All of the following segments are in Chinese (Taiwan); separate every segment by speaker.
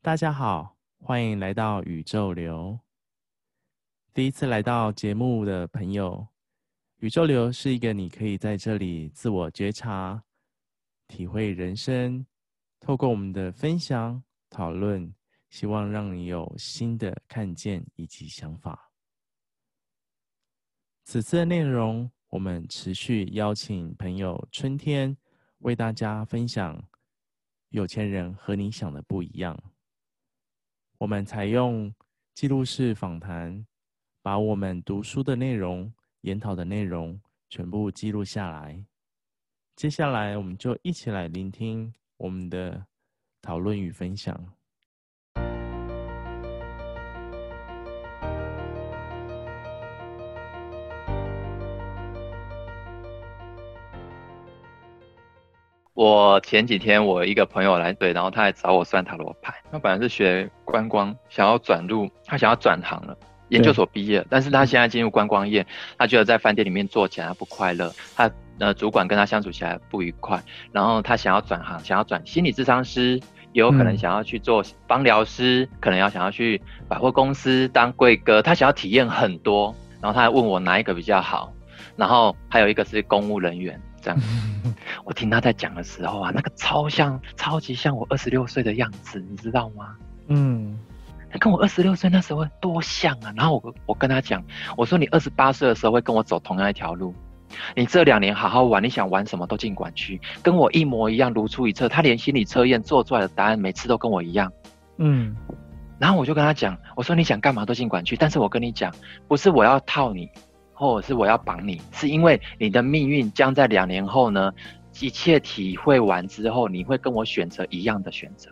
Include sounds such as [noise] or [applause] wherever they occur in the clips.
Speaker 1: 大家好，歡迎來到宇宙流。第一次來到節目的朋友，宇宙流是一個你可以在這裡自我覺察、體會人生，透過我們的分享。討論，希望讓你有新的看見以及想法。此次的內容，我們持續邀請朋友春天為大家分享。有錢人和你想的不一樣。我們採用紀錄式訪談，把我們讀書的內容、研討的內容全部記錄下來。接下來，我們就一起來聆聽我們的。討論與分享。
Speaker 2: 我前幾天我一個朋友來對，然後他來找我算塔羅牌。他本來是學觀光，想要轉入，他想要轉行了，研究所畢業，對但是他現在進入觀光業，他覺得在飯店裡面做起來他不快樂。他那主管跟他相處起來不愉快，然後他想要轉行，想要轉心理諮商師，也有可能想要去做幫療師，嗯、可能要想要去百貨公司當櫃哥，他想要體驗很多，然後他還問我哪一個比較好，然後還有一個是公務人員這樣。嗯、我聽他在講的時候啊，那個超像，超級像我二十六歲的樣子，你知道嗎？嗯，他跟我二十六歲那時候多像啊！然後我我跟他講，我說你二十八歲的時候會跟我走同樣一條路。你這兩年好好玩，你想玩什麼都盡管去，跟我一模一樣，如出一轍。他連心理測驗做出來的答案每次都跟我一樣，嗯。然後我就跟他講，我說你想幹嘛都盡管去，但是我跟你講，不是我要套你，或者是我要綁你，是因為你的命運將在兩年後呢，一切體會完之後，你會跟我選擇一樣的選擇，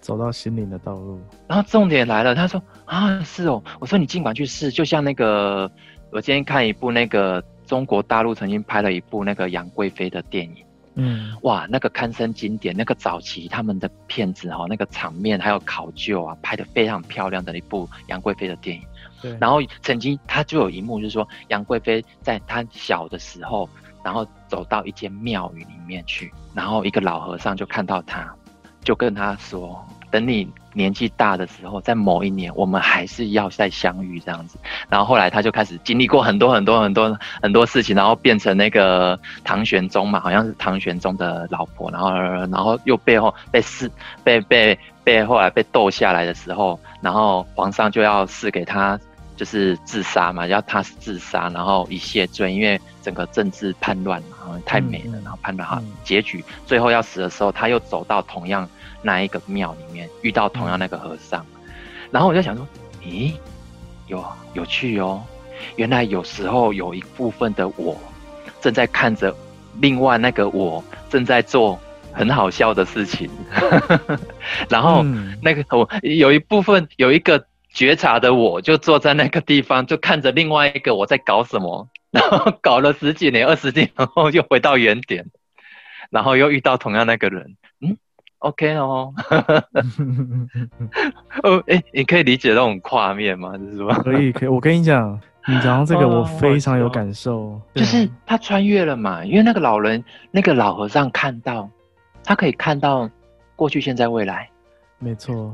Speaker 2: 走到心靈的道路。然後重點來了，他說啊，是哦。我說你盡管去試，就像那個我今天看一部那個。中國大陸曾經拍了一部那個楊貴妃的電影，嗯，哇，那個堪稱經典，那個早期他們的片子哈、哦，那個場面還有考究啊，拍的非常漂亮的一部楊貴妃的電影。對然後曾經他就有一幕，就是說楊貴妃在她小的時候，然後走到一間廟宇裡面去，然後一個老和尚就看到他，就跟他說：“等你。”年紀大的時候，在某一年，我們還是要再相遇這樣子。然後後來，他就開始經歷過很多很多很多很多事情，然後變成那個唐玄宗嘛，好像是唐玄宗的老婆。然後，呃、然後又背後被賜被被被後來被鬥下來的時候，然後皇上就要賜給他。就是自殺嘛，要他是自殺，然後以謝罪，因為整個政治叛亂嘛、啊，太美了，嗯、然後叛亂好結局，最後要死的時候，他又走到同樣那一個廟裡面，遇到同樣那個和尚，嗯、然後我就想說，咦，有有趣哦、喔，原來有時候有一部分的我正在看着另外那個我正在做很好笑的事情，嗯、 [laughs] 然後那個我有一部分有一個。覺察的我就坐在那個地方，就看着另外一個我在搞什麼，然後搞了十幾年、二十年，然後又回到原點，然後又遇到同樣那個人。嗯，OK 哦，哦哎，你可以理解那種畫面嗎？就是 [laughs] 可以，可以。我跟你講，你講到這個，我非常有感受。哦、對就是他穿越了嘛，因為那個老人，那個老和尚看到，他可以看到過去、現在、未來。
Speaker 1: 沒錯。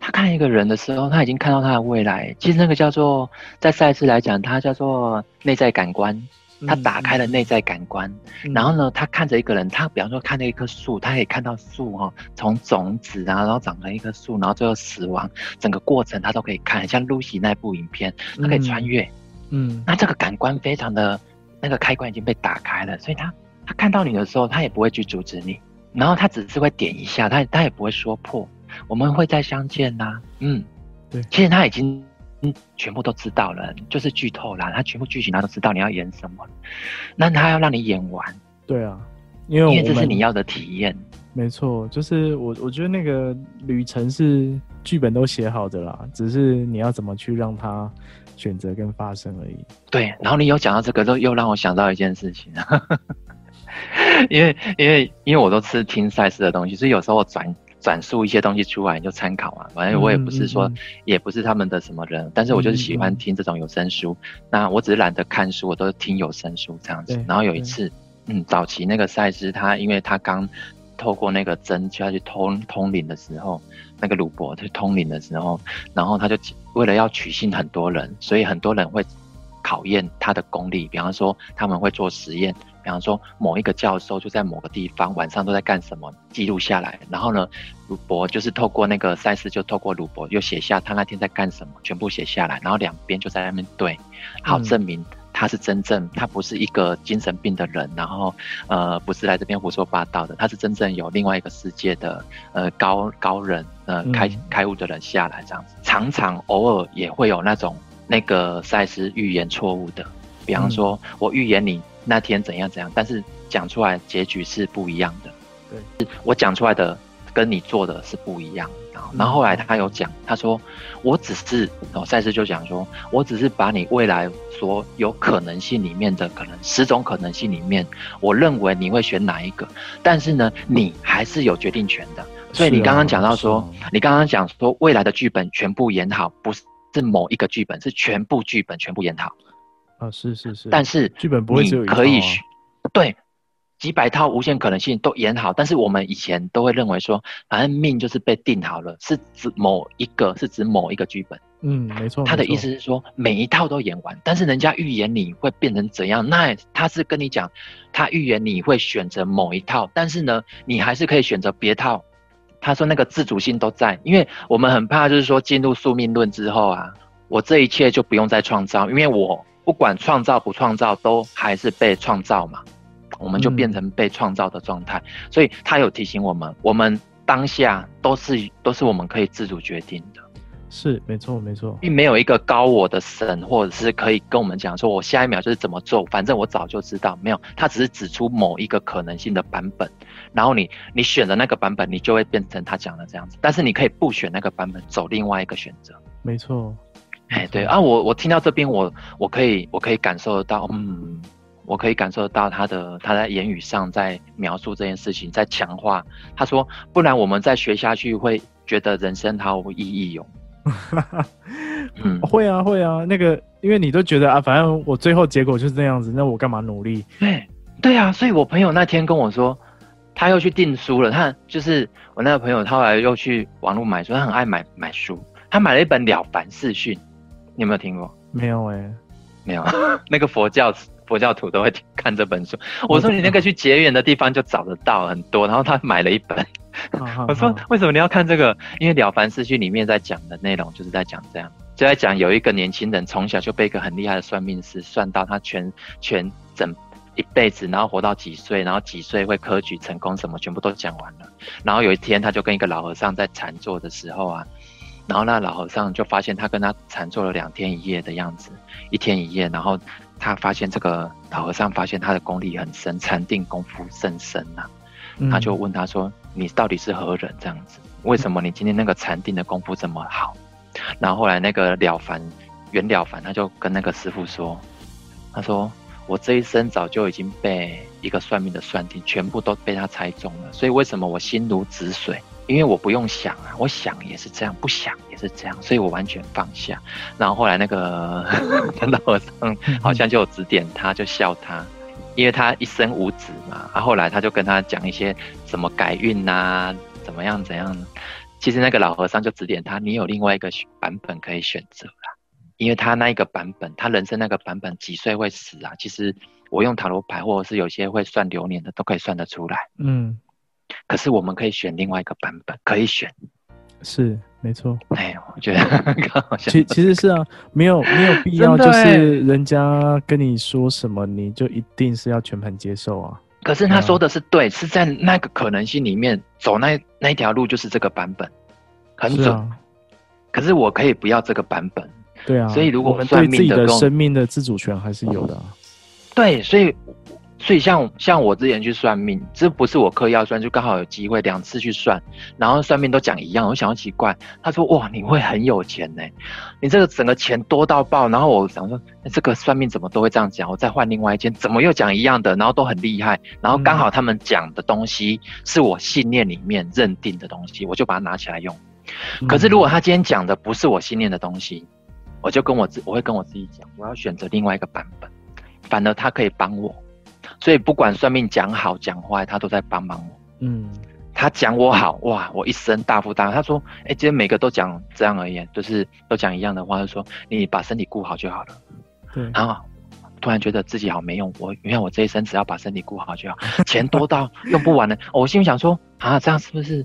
Speaker 2: 他看一個人的時候，他已經看到他的未來。其實那個叫做，在賽斯來講，他叫做內在感官。他打開了內在感官，嗯，嗯，然後呢，他看着一個人，他比方說看着一棵樹，他可以看到樹哈，從種子啊，然後長成一棵樹，然後最後死亡，整個過程他都可以看。像露西那部影片，他可以穿越。嗯，嗯，那這個感官非常的，那個開關已經被打開了，所以他他看到你的時候，他也不會去阻止你，然後他只是會點一下，他他也不會說破。我們會再相見啦、
Speaker 1: 啊。嗯，
Speaker 2: 對，其實他已經嗯全部都知道了，就是劇透啦，他全部劇情他都知道你要演什麼，那他要讓你演完，對啊，因為因為這是你要的體驗，
Speaker 1: 沒錯，就是我我覺得那個旅程是劇本都寫好的啦，只是你要怎麼去讓它選擇
Speaker 2: 跟發生而已。對，然後你有講到這個，就又讓我想到一件事情、啊 [laughs] 因，因為因為因為我都吃聽賽事的東西，所以有時候我轉。轉述一些東西出來你就參考嘛、啊，反正我也不是說、嗯嗯、也不是他們的什麼人，嗯、但是我就是喜歡聽這種有聲書。嗯、那我只是懶得看書，我都是聽有聲書這樣子。然後有一次，嗯，早期那個賽斯他，因為他剛透過那個珍去去通通靈的時候，那個魯伯去通靈的時候，然後他就為了要取信很多人，所以很多人會考驗他的功力，比方說他們會做實驗。比方說，某一個教授就在某個地方晚上都在幹什麼，記錄下來。然後呢，魯博就是透過那個賽斯，就透過魯博又寫下他那天在幹什麼，全部寫下來。然後兩邊就在那邊對，好證明他是真正，他不是一個精神病的人。然後呃，不是來這邊胡說八道的，他是真正有另外一個世界的呃高高人呃開開悟的人下來這樣子。常常偶爾也會有那種那個賽斯預言錯誤的。比方說，我預言你那天怎樣怎樣，嗯、但是講出來結局是不一樣的。對，是我講出來的跟你做的是不一樣
Speaker 1: 的，然後後來
Speaker 2: 他有講，嗯、他說：“我只是……”哦、賽斯就講說：“我只是把你未來所有可能性裡面的可能、嗯、十種可能性裡面，我認為你會選哪一個？但是呢，嗯、你還是有決定權的。所以你剛剛講到說，啊、你剛剛講說未來的劇本全部演好，不是是某一個劇本，是全部劇本全部演好。”
Speaker 1: 啊，是是是，但是你可以劇本不會、
Speaker 2: 啊、對幾百套無限可能性都演好，但是我們以前都會認為說，反正命就是被定好了，是指某一個，是指某一個劇本。嗯，
Speaker 1: 沒錯。他的意思是
Speaker 2: 說，每一套都演完，但是人家預言你會變成怎樣，那、nice, 他是跟你講，他預言你會選擇某一套，但是呢，你還是可以選擇別套。他說那個自主性都在，因為我們很怕就是說進入宿命論之後啊，我這一切就不用再創造，因為我。不管創造不創造，都還是被創造嘛，我們就變成被創造的狀態。嗯、所以他有提醒我們，我們當下都是都是我們可以自主決定的。
Speaker 1: 是，沒錯，沒錯，
Speaker 2: 並沒有一個高我的神，或者是可以跟我們講說，我下一秒就是怎麼做，反正我早就知道。沒有，他只是指出某一個可能性的版本，然後你你選擇那個版本，你就會變成他講的這樣子。但是你可以不選那個版本，走另外一個選擇。沒錯。哎、欸，對啊，我我聽到這邊，我我可以，我可以感受得到，嗯，我可以感受得到他的他在言語上在描述這件事情，在強化。他說，不然我們再學下去，會覺得人生毫無意義哦。 [laughs] 嗯，
Speaker 1: 會啊，會啊，那個，因
Speaker 2: 為你都覺得啊，反正我最後結果就是這樣子，那我幹嘛努力？對、欸，對啊，所以我朋友那天跟我說，他又去訂書了。他就是我那個朋友，他後來又去網絡買書，他很愛買買書，他買了一本《了凡四訓》。你有沒有聽過？沒有誒、欸，沒有。那個佛教佛教徒都會看這本書。我說你那個去結緣的地方就找得到很多。然後他買了一本， [laughs] 好
Speaker 1: 好
Speaker 2: 好，我說，為什麼你要看這個？因為《了凡四訓》裡面在講的內容就是在講這樣，就在講有一個年輕人從小就被一個很厲害的算命師算到他全全整一輩子，然後活到幾歲，然後幾歲會科舉成功，什麼全部都講完了。然後有一天他就跟一個老和尚在禪坐的時候啊。然後那老和尚就發現他跟他禪坐了兩天一夜的樣子，一天一夜，然後他發現這個老和尚發現他的功力很深，禪定功夫甚深吶、啊。嗯、他就問他說：“你到底是何人？這樣子，為什麼你今天那個禪定的功夫這麼好？”然後後來那個了凡袁了凡他就跟那個師傅說：“他說我這一生早就已經被一個算命的算定，全部都被他猜中了。所以為什麼我心如止水？”因為我不用想啊，我想也是這樣，不想也是這樣，所以我完全放下。然後後來那個 [laughs] [laughs] 那老和尚好像就有指點他，就笑他，因為他一生無子嘛。啊，後來他就跟他講一些怎麼改運啊，怎麼樣怎樣。其實那個老和尚就指點他，你有另外一個版本可以選擇啦，因為他那一個版本，他人生那個版本幾歲會死啊？其實我用塔羅牌或者是有些會算流年的都可以算得出來。嗯。可是我們可以選另外一個版本，可以選，
Speaker 1: 是沒錯。哎，我覺得， [laughs] 好像這個、其其實是啊，沒有沒有必要，就是人家跟你說什麼，你就一定是要全盤接受啊。
Speaker 2: 可是他說的是對，嗯、是在那個可能性裡面走那那一條路，就是這個版本，很準。是啊、可是我可以不要這個版本，對啊。所以如果我們我對自己的生
Speaker 1: 命的自主權還是有的、啊，
Speaker 2: [laughs] 對，所以。所以像像我之前去算命，這不是我刻意要算，就剛好有機會兩次去算，然後算命都講一樣。我想要奇怪，他說：“哇，你會很有錢呢、欸，你這個整個錢多到爆。”然後我想說，那、欸、這個算命怎麼都會這樣講？我再換另外一間，怎麼又講一樣的？然後都很厲害。然後剛好他們講的東西是我信念裡面認定的東西，我就把它拿起來用。可是如果他今天講的不是我信念的東西，我就跟我自，我會跟我自己講，我要選擇另外一個版本。反而他可以幫我。所以不管算命講好講壞，他都在幫忙我。嗯，他講我好哇，我一生大富大副。他說，哎、欸，今天每個都講這樣而已，就是都講一樣的話，就說你把身體顧好就好了。嗯對，好突然覺得自己好沒用，我你看我這一生只要把身體顧好就好，錢多到用不完的、 [laughs] 哦。我心裡想說啊，這樣是不是？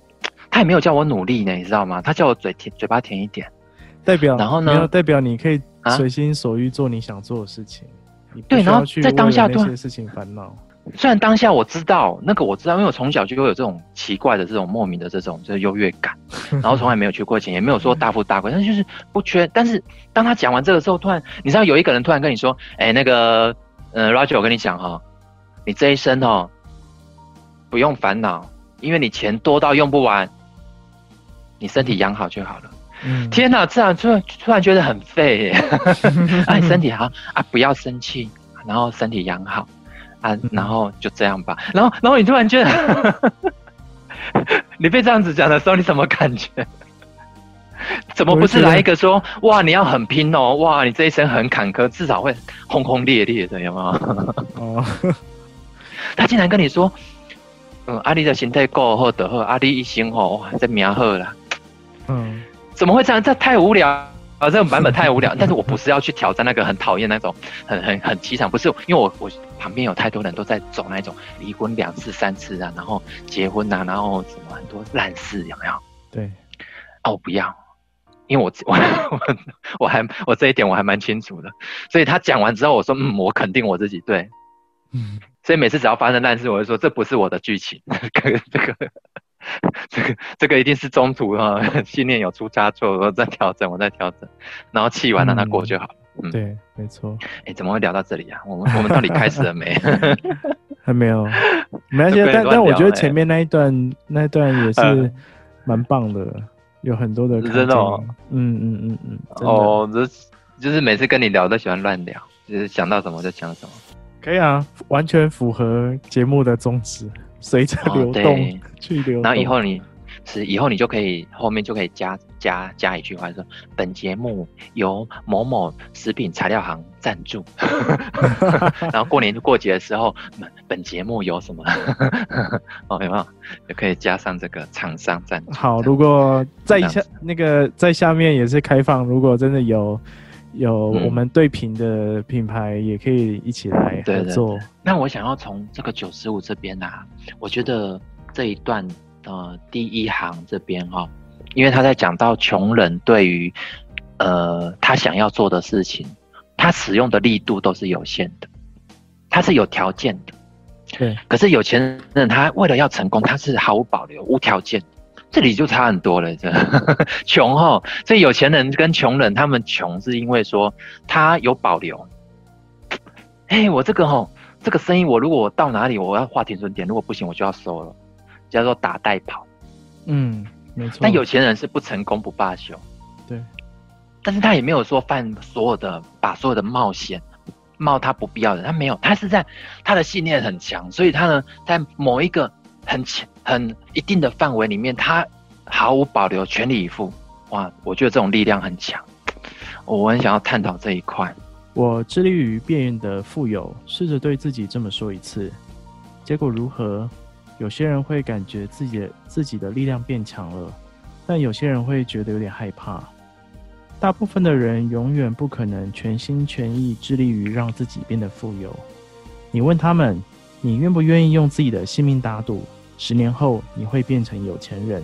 Speaker 2: 他也沒有叫我努力呢，你知道嗎？他叫我嘴甜，嘴巴甜一點，代表然後呢？代
Speaker 1: 表你可以隨心所欲做你想做的事情。啊對，然後在當下突然事情煩惱。
Speaker 2: 雖然當下我知道那個我知道，因為我從小就會有這種奇怪的這種莫名的這種就是優越感，然後從來沒有缺過錢， [laughs] 也沒有說大富大貴，但是就是不缺。但是當他講完這個時候，突然你知道有一個人突然跟你說，哎、欸，那個，呃，Roger，我跟你講哈，你這一生哦，不用煩惱，因為你錢多到用不完，你身體養好就好了。天哪、啊！突然突然覺得很廢，哎、 [laughs] 啊， [laughs] 你身體好啊，不要生氣，然後身體養好，啊，然後就這樣吧。然後，然後你突然覺得， [laughs] [laughs] 你被這樣子講的時候，你什麼感覺？怎麼不是來一個說，哇，你要很拼哦、喔，哇，你這一生很坎坷，至少會轟轟烈烈的，有沒有？哦 [laughs] [laughs] 他竟然跟你說，嗯，阿、啊、力的心態夠好就好，阿、啊、力一心哦，哇，這名好了，嗯。怎麼會這樣？這太無聊啊！這種版本太無聊。是，但是我不是要去挑戰那個很討厭那種很很很淒慘。不是因為我我旁邊有太多人都在走那種離婚兩次三次啊，然後結婚吶、啊，然後什麼很多爛事，有沒有？
Speaker 1: 對。
Speaker 2: 哦、啊，不要！因為我我我我還我這一點我還蠻清楚的。所以他講完之後，我說嗯，嗯，我肯定我自己對。嗯。所以每次只要發生爛事，我就說這不是我的劇情。呵呵這個。這個這個一定是中途啊，訓練有出差錯，我再調整，我再調整，然後氣完讓他過就好。嗯，嗯。
Speaker 1: 對，沒
Speaker 2: 錯。哎，怎麼會聊到這裡啊？我們我們到底開始了沒？ [laughs]
Speaker 1: 還沒有，
Speaker 2: 沒關係。 [laughs] 但但我覺得前
Speaker 1: 面那一段，那段也是蠻、呃、棒的，有很多的種、嗯嗯嗯嗯，真的。嗯嗯
Speaker 2: 嗯嗯。哦，這、就是、就是每次跟你聊都喜歡亂聊，就是想到什麼就講什麼。
Speaker 1: 可以啊，完全符合節目的宗旨。隨着流動、哦、去流
Speaker 2: 動，然後以後你是以後你就可以後面就可以加加加一句話說，本節目由某某食品材料行贊助，然後過年過節的時候，本本節目有什麼？ [laughs] 哦、有沒有？也可以加上這個廠商贊助？好，
Speaker 1: 如果在下那個在下面也是開放，如果真的有。有我們對屏的品牌也可以一起來合作。嗯、對對
Speaker 2: 對，那我想要從這個九十五這邊啊，我覺得這一段呃第一行這邊哈、哦，因為他在講到窮人對於呃他想要做的事情，他使用的力度都是有限的，他是有條件的。
Speaker 1: 對，
Speaker 2: 可是有錢人他為了要成功，他是毫無保留、無條件的。這裡就差很多了，這窮吼。所以有錢人跟窮人，他們窮是因為說他有保留。哎、欸，我這個吼，這個生意，我如果到哪裡，我要劃停損點，如果不行，我就要收了，叫做打帶跑。嗯，
Speaker 1: 沒錯。但
Speaker 2: 有錢人是不成功不罷休，
Speaker 1: 對。
Speaker 2: 但是他也沒有說犯所有的，把所有的冒險冒他不必要的，他沒有，他是在他的信念很強，所以他呢，在某一個很強。很一定的範圍裡面，他毫無保留、全力以赴。哇，我覺得這種力量很強。我很想要探討這一塊。
Speaker 1: 我致力於變得富有，試着對自己這麼說一次，結果如何？有些人會感覺自己自己的力量變強了，但有些人會覺得有點害怕。大部分的人永遠不可能全心全意致力於讓自己變得富有。你問他們，你願不願意用自己的性命打賭？十年後你會變成有錢人，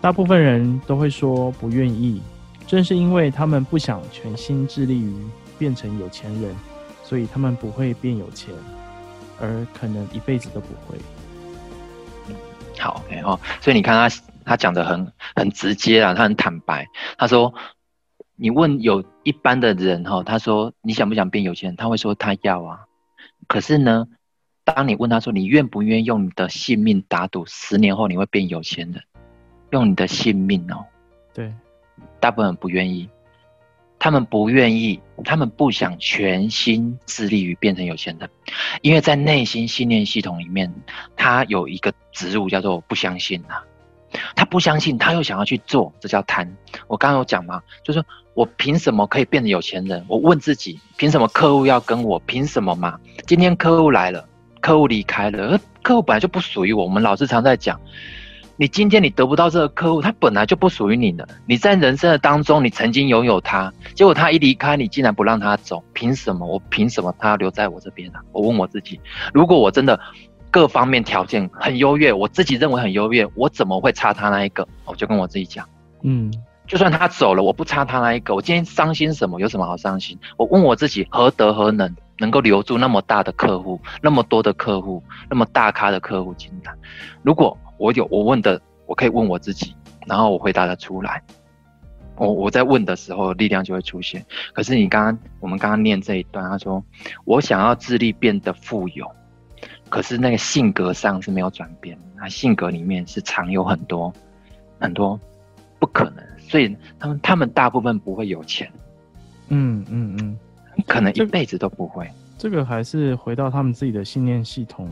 Speaker 1: 大部分人都會說不願意，正是因為他們不想全心致力於變成有錢人，所以他們不會變有錢，而可能一輩子
Speaker 2: 都不會。好，okay，哦，所以你看他他講得很很直接啊，他很坦白，他說，你問有一般的人哈、哦，他說你想不想變有錢人，他會說他要啊，可是呢？當你問他說：“你願不願意用你的性命打賭，十年後你會變有錢人？”用你的性命哦，
Speaker 1: 對，
Speaker 2: 大部分人不願意，他們不願意，他們不想全心致力於變成有錢人，因為在內心信念系統裡面，他有一個植入叫做“不相信”啊，他不相信，他又想要去做，這叫貪。我剛剛有講嘛，就是我憑什麼可以變成有錢人？我問自己，憑什麼客戶要跟我？憑什麼嘛？今天客戶來了。客戶離開了，而客戶本來就不屬於我。我們老是常在講，你今天你得不到這個客戶，他本來就不屬於你的。你在人生的當中，你曾經擁有他，結果他一離開，你竟然不讓他走，憑什麼？我憑什麼他要留在我這邊啊？我問我自己，如果我真的各方面條件很優越，我自己認為很優越，我怎麼會差他那一個？我就跟我自己講，嗯，就算他走了，我不差他那一個。我今天傷心什麼？有什麼好傷心？我問我自己，何德何能？能夠留住那麼大的客戶，那麼多的客戶，那麼大咖的客戶，進來。如果我有我問的，我可以問我自己，然後我回答得出來。我我在問的時候，力量就會出現。可是你剛剛我們剛剛念這一段，他說我想要致力變得富有，可是那個性格上是沒有轉變。那、啊、性格裡面是藏有很多很多不可能，所以他們他們大部分不會有錢。嗯嗯嗯。嗯可能一輩子都不會
Speaker 1: 這，這個還是回到他們自己的信念系統，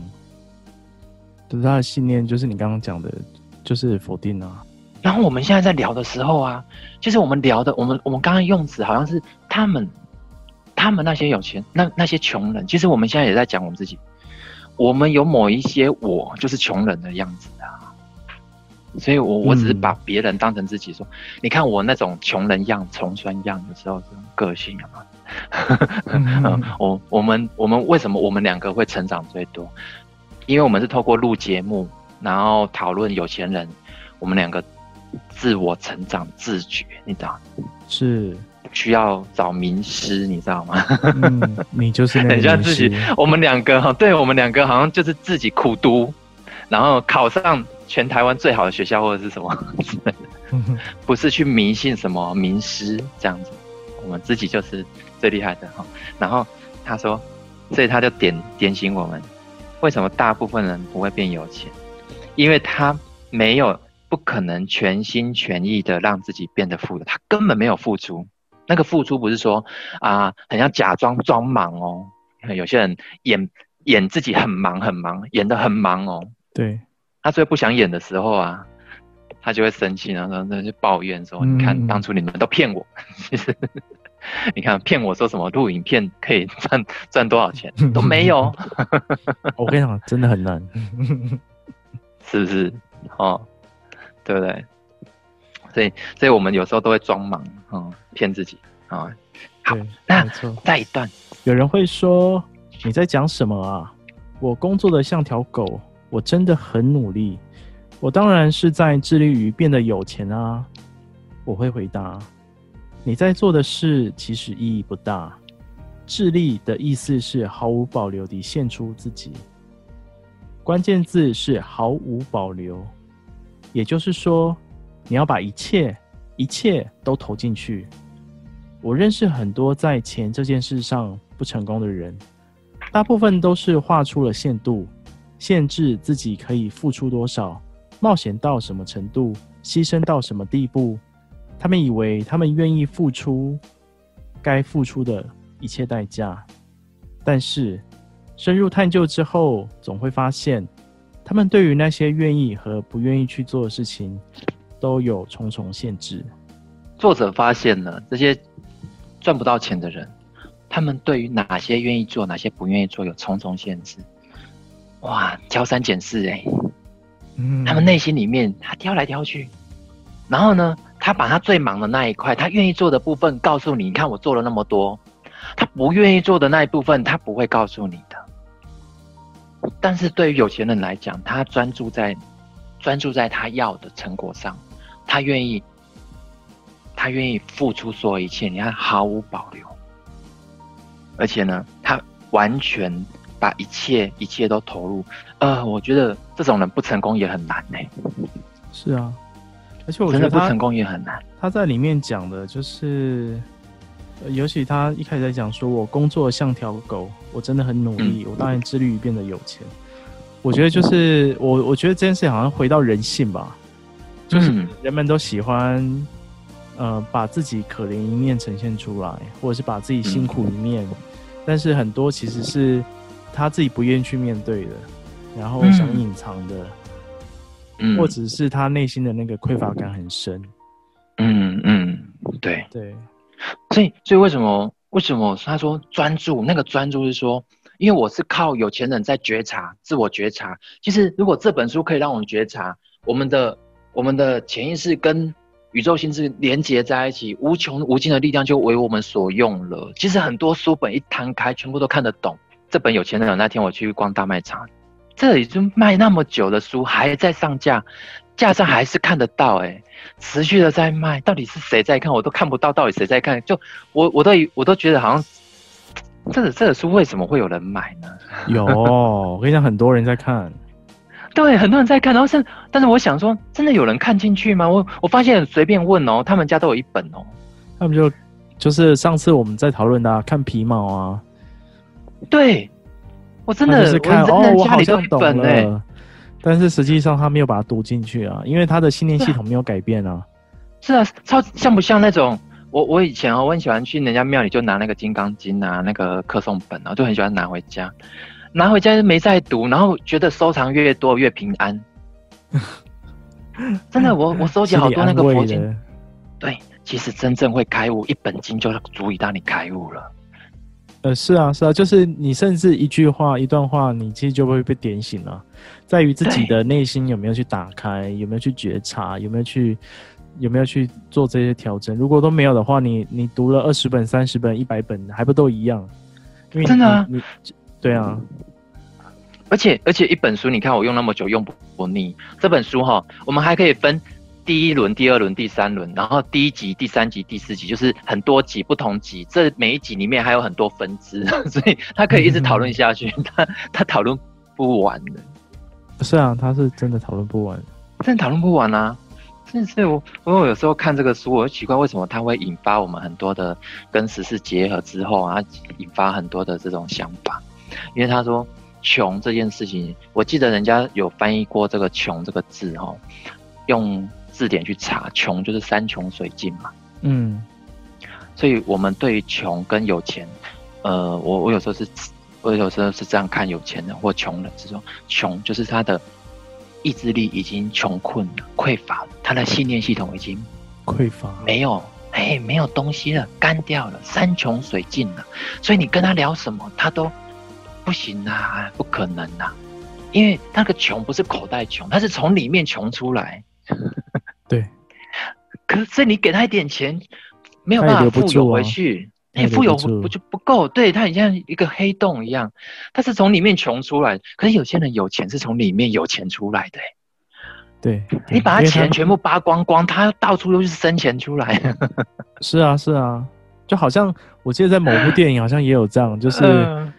Speaker 2: 就是他的信念，就是你剛剛講的，就是否定啊。然後我們現在在聊的時候啊，就是我們聊的，我們我們剛剛用詞好像是他們，他們那些有錢，那那些窮人，其實我們現在也在講我們自己，我們有某一些我就是窮人的樣子啊。所以我我只是把別人當成自己說，嗯，你看我那種窮人樣、窮酸樣的時候，這種個性啊。我我們我們為什麼我們兩個會成長最多？因為我們是透過錄節目，然後討論有錢人，我們兩個自我成長自覺，你
Speaker 1: 知道？是
Speaker 2: 需要找名師，你知道嗎？嗯、 [laughs]
Speaker 1: 你就是等一下自己，
Speaker 2: 我們兩個哈，對我們兩個好像就是自己苦讀，然後考上全台灣最好的學校或者是什麼， [laughs] 不是去迷信什麼名師這樣子。我們自己就是最厲害的哈。然後他說，所以他就點點醒我們，為什麼大部分人不會變有錢？因為他沒有不可能全心全意的讓自己變得富有，他根本沒有付出。那個付出不是說啊、呃，很像假裝裝忙哦。有些人演演自己很忙很忙，演得很忙哦。對。他最不想演的時候啊。他就會生氣，然後就抱怨說：“嗯、你看當初你們都騙我，其實你看騙我說什麼錄影片可以賺賺多少錢都沒有。”
Speaker 1: 我跟你講，真的很難，嗯、
Speaker 2: 是不是？哦，對不對？所以，所以我們有時候都會裝忙，嗯，騙自己啊、哦。好，那
Speaker 1: 再一段，有人會說：“你在講什麼啊？我工作的像條狗，我真的很努力。”我當然是在致力於變得有錢啊！我會回答，你在做的事其實意義不大。致力的意思是毫無保留地獻出自己，關鍵字是毫無保留，也就是說，你要把一切一切都投進去。我認識很多在錢這件事上不成功的人，大部分都是畫出了限度，限制自己可以付出多少。冒險到什麼程度，犧牲到什麼地步，他們以為他們願意付出，該付出的一切代價，但是深入探究之後，總會發現，他們對於那些願意和不願意去做的事情，都有重重
Speaker 2: 限制。作者發現了這些賺不到錢的人，他們對於哪些願意做，哪些不願意做，有重重限制。哇，挑三揀四誒！嗯，他們內心裡面，他挑來挑去，然後呢，他把他最忙的那一塊，他願意做的部分告訴你。你看我做了那麼多，他不願意做的那一部分，他不會告訴你的。但是對於有錢人來講，他專注在，專注在他要的成果上，他願意，他願意付出所有一切，你看毫無保留。而且呢，他完全把一切一切都投入。呃，我覺得。這種人不成功也很難呢、
Speaker 1: 欸。是啊，而且我覺得他真的不成功也很難。他在裡面講的就是、呃，尤其他一開始在講說，我工作像條狗，我真的很努力，嗯、我當然致力於變得有錢。
Speaker 2: 我覺得就是
Speaker 1: 我，我覺得這件事好像回到人性吧，就是人們都喜歡，嗯、呃，把自己可憐一面呈現出來，或者是把自己辛苦一面，嗯、但是很多其實是他自己不願意去面對的。然後想隱藏的，嗯、或者是他內心的那個匱乏感很深。
Speaker 2: 嗯嗯，嗯，對對。所以，所以為什麼為什麼他說專注？那個專注是說，因為我是靠有錢人在覺察、自我覺察。其實，如果這本書可以讓我們覺察，我們的我們的潛意識跟宇宙心智連接在一起，無窮無盡的力量就為我們所用了。其實，很多書本一攤開，全部都看得懂。這本《有錢人》有那天我去逛大賣場。這已經賣那麼久的書，還在上架，架上還是看得到哎、欸，持續的在賣，到底是誰在看？我都看不到到底誰在看。就我，我都我都覺得好像，這個、這本、個、書為什麼會有人買呢？有， [laughs] 我跟你講，很多人在看。對，很多人在看。然後是，但是我想說，真的有人看進去嗎？我我發現隨便問哦、喔，他們家都有一本哦、喔。
Speaker 1: 他們就就是上次我們在討論的、啊、看皮毛啊。
Speaker 2: 對。我真的我真看家裡都很，欸哦、懂
Speaker 1: 了，但是實際上他沒有把它讀進去啊，因為他的信念系統沒有改變啊。
Speaker 2: 是啊，超像不像那種我我以前哦，我很喜歡去人家廟裡就拿那個金剛經啊，那個課誦本啊，就很喜歡拿回家，拿回家就沒再讀，然後覺得收藏越多越平安。 [laughs] 真的，我我收集好多那個佛經。對，其實真正會開悟，一本經就足以讓你開悟了。
Speaker 1: 呃，是啊，是啊，就是你甚至一句話、一段話，你其實就會被點醒了，啊，在於自己的內心有沒有去打開，有沒有去覺察，有沒有去，有沒有去做這些調整。如果都沒有的話，你你讀了二十本、三十本、一百本，還不都一樣？
Speaker 2: 真的啊，
Speaker 1: 對啊。而且
Speaker 2: 而且，而且一本書，你看我用那麼久，用不不膩。這本書哈，我們還可以分。第一輪、第二輪、第三輪，然後第一集、第三集、第四集，就是很多集不同集。這每一集裡面還有很多分支， [laughs] 所以他可以一直討論下去。 [laughs] 他他討論不完的。是啊，他是真的討論不完的，真討論不完啊！甚至我，我有時候看這個書，我就奇怪為什麼他會引發我們很多的跟時事結合之後啊，引發很多的這種想法。因為他說“窮”這件事情，我記得人家有翻譯過這個“窮”這個字哈，用。字典去查，窮就是山窮水盡嘛。嗯，所以我們對於窮跟有錢，呃，我我有時候是，我有時候是這樣看有錢人或窮人，是說窮就是他的意志力已經窮困了、匱乏了，他的信念系統已經匱乏，沒有，哎、欸，沒有東西了，乾掉了，山窮水盡了。所以你跟他聊什麼，哦、他都不行啦、啊，不可能啦、啊，因為那個窮不是口袋窮，他是從裡面窮出來。嗯對，可是你給他一點錢，沒有辦法富有回去，你富、啊、有不就不夠？對，他很像一個黑洞一樣，他是從裡面窮出來。可是有些人有錢是從裡面有錢出來的、欸對，對你把他錢全部扒光光，他，他到處都是生錢出來。
Speaker 1: 是啊，是啊，就好像我記得在某部電影好像也有這樣， [laughs] 就是、呃、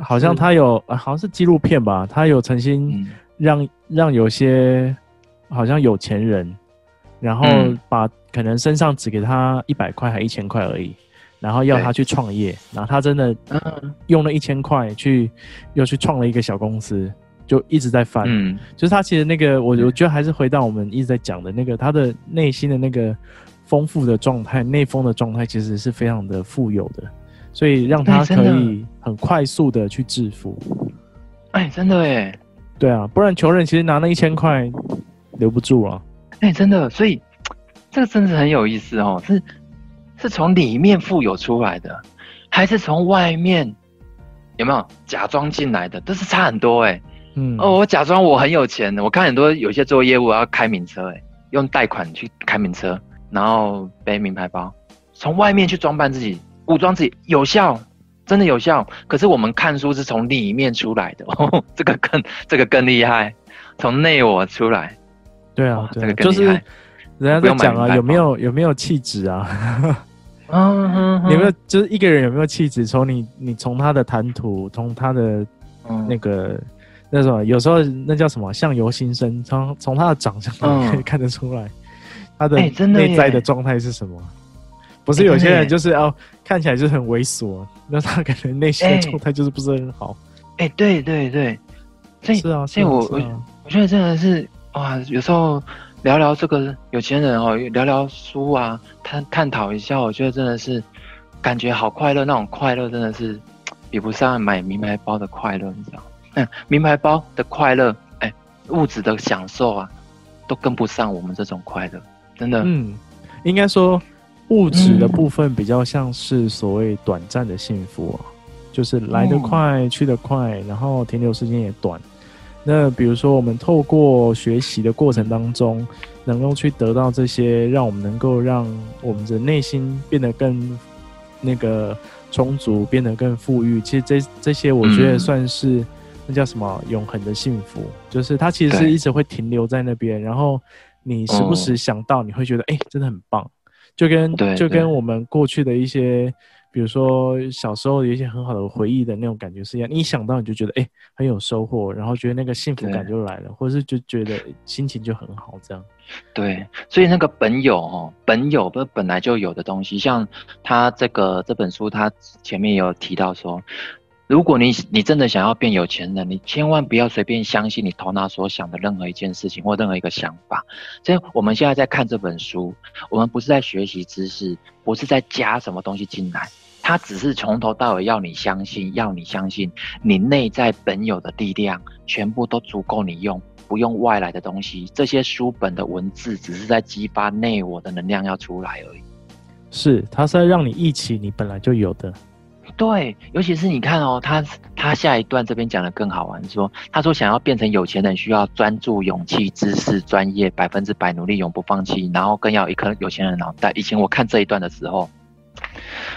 Speaker 1: 好像他有是、啊、好像是紀錄片吧，他有曾經讓、嗯、讓有些好像有錢人。然後把可能身上只給他一百塊還一千塊而已，嗯、然後要他去創業，對然後他真的用了一千塊去、嗯、又去創了一個小公司，就一直在翻。嗯、就是他其實那個我我覺得還是回到我們一直在講的那個對他的內心的那個豐富的狀態，內豐的狀態其實是非常的富有的，所以讓他可以很快速的去致富。
Speaker 2: 哎，真的哎，
Speaker 1: 對啊，不然窮人其實拿那一千塊留不住啊。哎，欸，真
Speaker 2: 的，所以這個真的很有意思哦，是是從裡面富有出來的，還是從外面有沒有假裝進來的？都是差很多哎，欸。嗯，哦，我假裝我很有錢，我看很多有些做業務要開名車，欸，哎，用貸款去開名車，然後背名牌包，從外面去裝扮自己，武裝自己，有效，真的有效。可是我們看書是從裡面出來的，哦，這個更這個更厲害，從內我出來。對
Speaker 1: 啊，對，就是
Speaker 2: 人家在講啊，有
Speaker 1: 沒有有沒有氣質啊？
Speaker 2: 嗯，有沒有
Speaker 1: 就是一個人有沒有氣質，從你你從他的談吐，從他的那個那什麼，有時候那叫什麼“相由心生”，從從他的長相可以看得出來他的內在的狀態是什麼。不是有些人就是要看起來就是很猥瑣，那
Speaker 2: 他可能內心的狀態就是不是很好。哎，對對對，所以是啊，所以我我我覺得真的是。哇，有時候聊聊這個有錢人哦，聊聊書啊，探探討一下，我覺得真的是感覺好快樂，那種快樂真的是比不上買名牌包的快樂，你知道？嗯，名牌包的快樂，哎，物質的享受啊，都跟不上我們這種快樂，真的。嗯，
Speaker 1: 應該說物質的部分比較像是所謂短暫的幸福哦、啊，嗯、就是來得快，嗯、去得快，然後停留時間也短。那比如說，我們透過學習的過程當中，能夠去得到這些，讓我們能夠讓我們的內心變得更那個充足，變得更富裕。其實，這這些我覺得算是、嗯、那叫什麼永恆的幸福，就是它其實是一直會停留在那邊。對然後你時不時想到，你會覺得哎、嗯欸，真的很棒，就跟對對對，就跟我們過去的一些。比如說小時候有一些很好的回憶的那種感覺是一樣，你一想到你就覺得哎、欸、很有收穫，然後覺得那個幸福感就來了，對或者是就覺得心情就很好這樣。
Speaker 2: 對，所以那個本有哦，本有不是本來就有的東西，像他這個這本書，他前面也有提到說，如果你你真的想要變有錢人，你千萬不要隨便相信你頭腦所想的任何一件事情或任何一個想法。所以我們現在在看這本書，我們不是在學習知識，不是在加什麼東西進來。他只是從頭到尾要你相信，要你相信你內在本有的力量，全部都足夠你用，不用外來的東西。這些書本的文字只是在激發內我的能量要出來而已。
Speaker 1: 是，他是在讓你憶起，你本來就有的。
Speaker 2: 對，尤其是你看哦，他他下一段這邊講的更好玩，說他說想要變成有錢人，需要專注、勇氣、知識、專業，百分之百努力，永不放棄，然後更要一顆有錢人的腦袋。以前我看這一段的時候。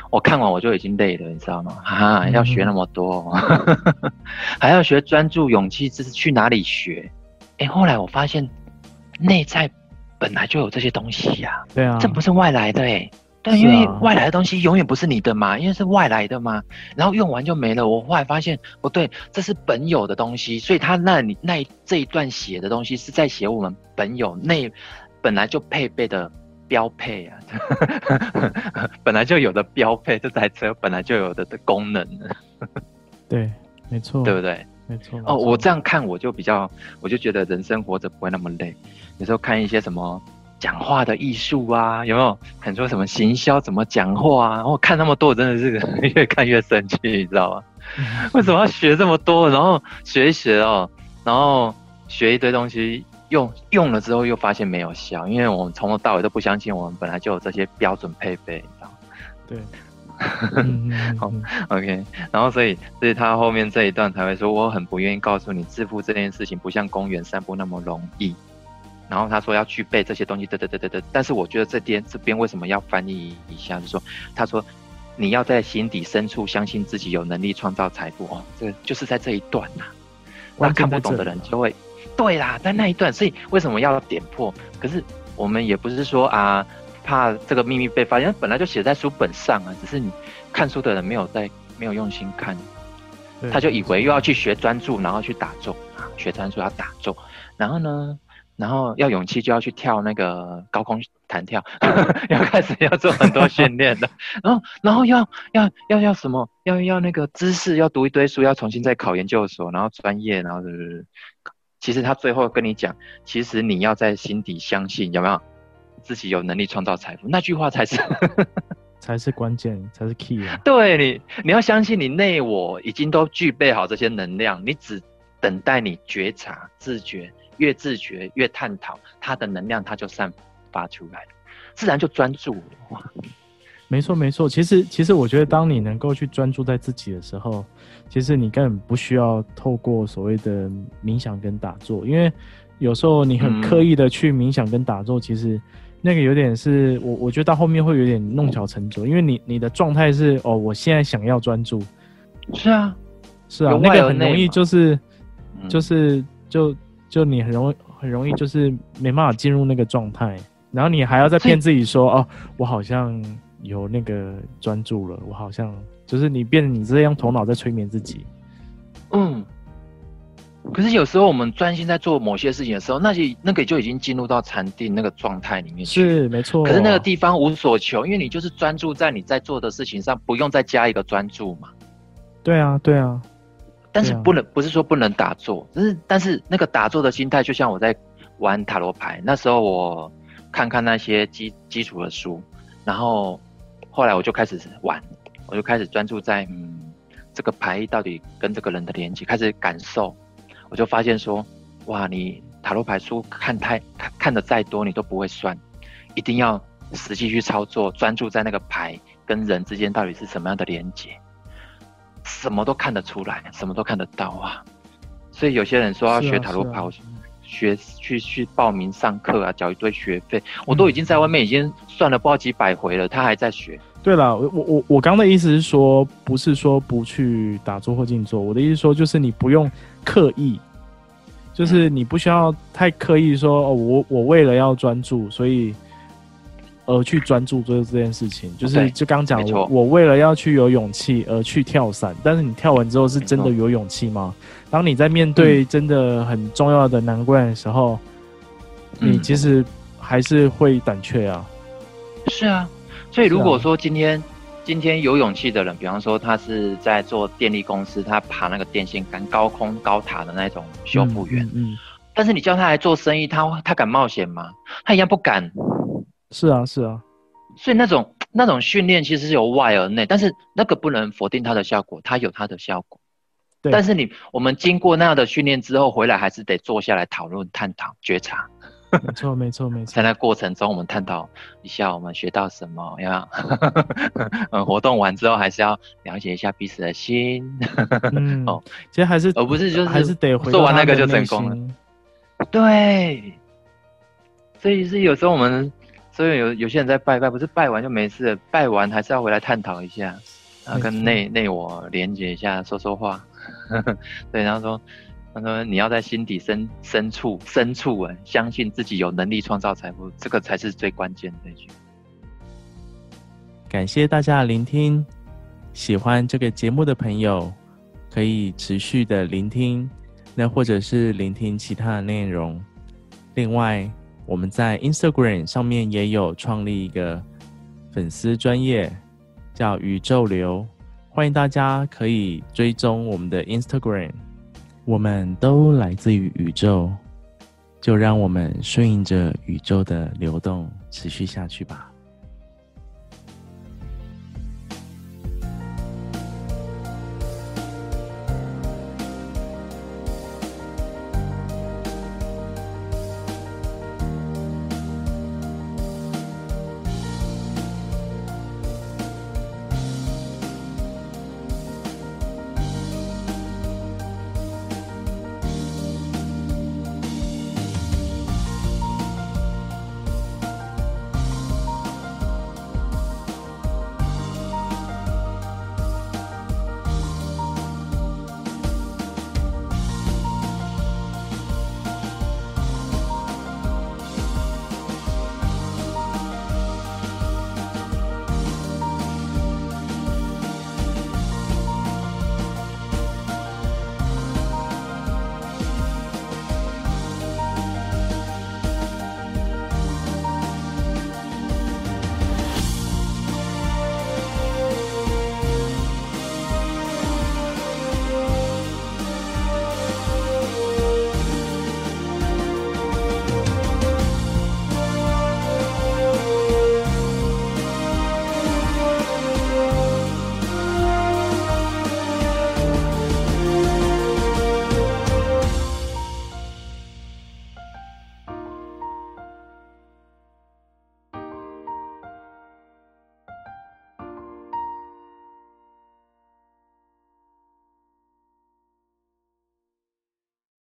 Speaker 2: 我看完我就已經累了，你知道嗎？啊，要學那麼多、喔，嗯、 [laughs] 還要學專注、勇氣，這是去哪裡學？哎、欸，後來我發現內在本來就有這些東西呀、啊。對啊，這不是外來的哎、欸，對，對啊、因為外來的東西永遠不是你的嘛，因為是外來的嘛，然後用完就沒了。我後來發現不對，這是本有的東西，所以他那裡那這一段寫的東西是在寫我們本有內本來就配備的。標配啊，呵呵 [laughs] [laughs] 本來就有的標配，這台車本來就有的的功能。呵呵對，沒錯，對不對？沒錯錯。哦，錯我這樣看，我就比較，我就覺得人生活着不會那麼累。有時候看一些什麼講話的藝術啊，有沒有？很多什麼行銷怎麼講話啊？然後、哦、看那麼多，真的是越看越生氣，你知道嗎？ [laughs] 為什麼要學這麼多？然後學一學哦，然後學一堆東西。用用了之後又發現沒有效，因為我們從頭到尾都不相信，我們本來就有這些標準配備，你知道嗎？
Speaker 1: 對。
Speaker 2: [laughs] 好嗯嗯嗯，OK。然後所以所以他後面這一段才會說，我很不願意告訴你，致富這件事情不像公園散步那麼容易。然後他說要具備這些東西，對對對對對。但是我覺得這邊這邊為什麼要翻譯一下？就是說，他說你要在心底深處相信自己有能力創造財富哦，這就是在這一段吶、
Speaker 1: 啊。那看不懂的人
Speaker 2: 就會。對啦，在那一段，所以為什麼要點破？可是我們也不是說啊，怕這個秘密被發現，本來就寫在書本上啊，只是你看書的人沒有在沒有用心看，他就以為又要去學專注，然後去打坐啊，學專注要打坐，然後呢，然後要勇氣就要去跳那個高空彈跳，呃、 [laughs] 要開始要做很多訓練的，然後然後要要要要，要什麼？要要那個知識要讀一堆書，要重新再考研究所，然後專業，然後是不是？其實他最後跟你講，其實你要在心底相信有沒有，自己有能力創造財富，
Speaker 1: 那句話才是， [laughs] 才是關鍵，才是 key 啊！
Speaker 2: 對你，你要相信你內我已經都具備好這些能量，你只等待你覺察、自覺，越自覺越探討，它的能量它就散發出來，自然就專注了。 [laughs]
Speaker 1: 沒錯，沒錯。其實，其實我覺得，當你能夠去專注在自己的時候，其實你根本不需要透過所謂的冥想跟打坐。因為有時候你很刻意的去冥想跟打坐，嗯、其實那個有點是我我覺得到後面會有點弄巧成拙。因為你你的狀態是哦，我現在想要專注，是啊，是啊，那個很容易就是就是就就你很容易很容易就是沒辦法進入那個狀態，然後你還要再騙自己說所以哦，我好像。有那個專注了，我好像就是你變，你這樣頭腦在催眠自己。
Speaker 2: 嗯，可是有時候我們專心在做某些事情的時候，那些那個就已經進入到禪定那個狀態裡
Speaker 1: 面去。是沒錯，可是那
Speaker 2: 個地方無所求，哦、因為你就是專注在你在做的事情上，不用再加一個專注嘛。對
Speaker 1: 啊，對啊，對啊。
Speaker 2: 但是不能，不是說不能打坐，只是但是那個打坐的心態，就像我在玩塔羅牌。那時候我看看那些基基礎的書，然後。後來我就開始玩，我就開始專注在嗯這個牌到底跟這個人的連接，開始感受，我就發現說，哇，你塔羅牌書看太看得再多，你都不會算，一定要實際去操作，專注在那個牌跟人之間到底是什麼樣的連接，什麼都看得出來，什麼都看得到啊，所以有些人說要學塔羅牌。學去去報名上課啊，交一堆學費，我都已經在外面、嗯、已經算了不知道幾百回了，他還在學。
Speaker 1: 對了，我我我剛的意思是說，不是說不去打坐或靜坐，我的意思說就是你不用刻意，嗯、就是你不需要太刻意說，哦，我我為了要專注，所以。而去專注做這件事情，okay, 就是就剛講，沒錯，我我為了要去有勇氣而去跳傘，但是你跳完之後是真的有勇氣嗎？沒錯，當你在面對真的很重要的難關的時候，嗯、你其實還是會膽怯啊。嗯、
Speaker 2: 是啊，所以如果說今天、啊、今天有勇氣的人，比方說他是在做電力公司，他爬那個電線杆、高空高塔的那種修復員嗯，嗯，嗯但是你叫他來做生意，他他敢冒險嗎？他一樣不敢。是啊，是啊，所以那種那種訓練其實是由外而內，但是那個不能否定它的效果，它有它的效果。對，但是你我們經過那樣的訓練之後回來，還是得坐下來討論、探討、覺察。
Speaker 1: 沒錯，沒錯，沒
Speaker 2: 錯。在那過程中，我們探討一下我們學到什麼，呀。 [laughs] 嗯，活動完之後還是要了解一下彼此的心。嗯、哦，其實還是而不是就是還是得做完那個就成功了。對，所以是有時候我們。所以有有些人在拜拜，不是拜完就沒事了，拜完還是要回來探討一下，啊，跟內內我連接一下，說說話。 [laughs] 對，然後說，他說你要在心底深深處深處啊，相信自己有能力創造財富，這個才是最關鍵的一句。
Speaker 1: 感謝大家的聆聽，喜歡這個節目的朋友可以持續的聆聽，那或者是聆聽其他的內容，另外。我們在 Instagram 上面也有創立一個粉絲專頁，叫宇宙流，歡迎大家可以追蹤我們的 Instagram。我們都來自於宇宙，就讓我們順應着宇宙的流動，持續下去吧。